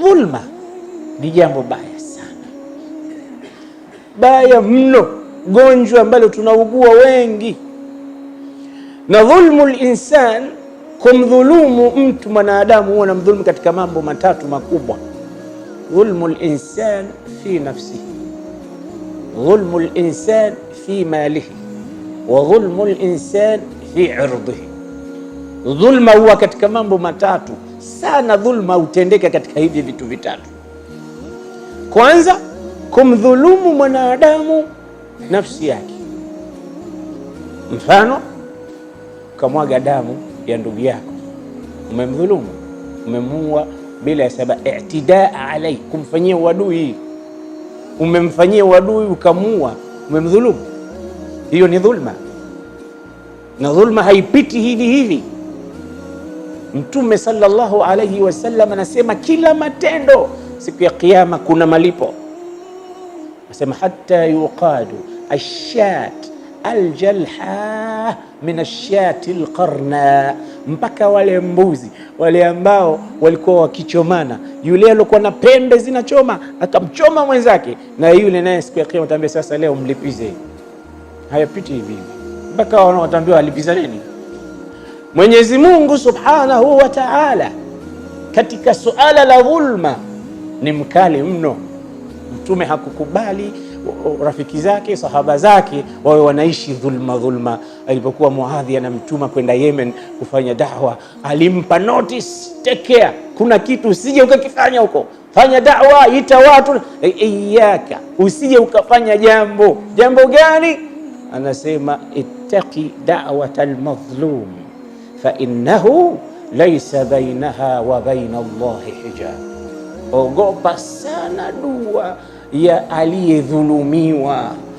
Dhulma ni jambo baya sana, baya mno, gonjwa ambalo tunaugua wengi. Na dhulmu linsan, kumdhulumu mtu mwanadamu, huwa namdhulumu katika mambo matatu makubwa: dhulmu linsan fi nafsihi, dhulmu linsan fi malihi, wa dhulmu linsan fi irdhihi Dhulma huwa katika mambo matatu sana dhulma hutendeka katika hivi vitu vitatu. Kwanza, kumdhulumu mwanadamu nafsi yake, mfano ukamwaga damu ya ndugu yako, umemdhulumu, umemuua bila ya sababu, i'tidaa alai, kumfanyia uadui, umemfanyia uadui, ukamuua, umemdhulumu. Hiyo ni dhulma, na dhulma haipiti hivi hivi Mtume sallallahu alaihi wasallam anasema kila matendo siku ya Kiyama kuna malipo. Anasema hata yuqadu ashat aljalha min ashati alqarna, mpaka wale mbuzi wale ambao walikuwa wakichomana, yule aliokuwa na pembe zinachoma akamchoma mwenzake, na yule naye siku ya Kiyama atambia sasa, leo mlipize. Hayapiti hivi mpaka wataambiwa nini? Mwenyezi Mungu Subhanahu wa Ta'ala katika suala la dhulma ni mkali mno. Mtume hakukubali rafiki zake sahaba zake wawe wanaishi dhulma dhulma. Alipokuwa Muadhi anamtuma kwenda Yemen kufanya da'wa, alimpa notice, take care, kuna kitu usije ukakifanya huko, fanya da'wa, ita watu, e, iyaka, usije ukafanya jambo. Jambo gani? Anasema ittaqi da'wat almadhlum فإنه ليس بينها وبين الله حجاب أقعد بسانا دوا يا علي ظلمي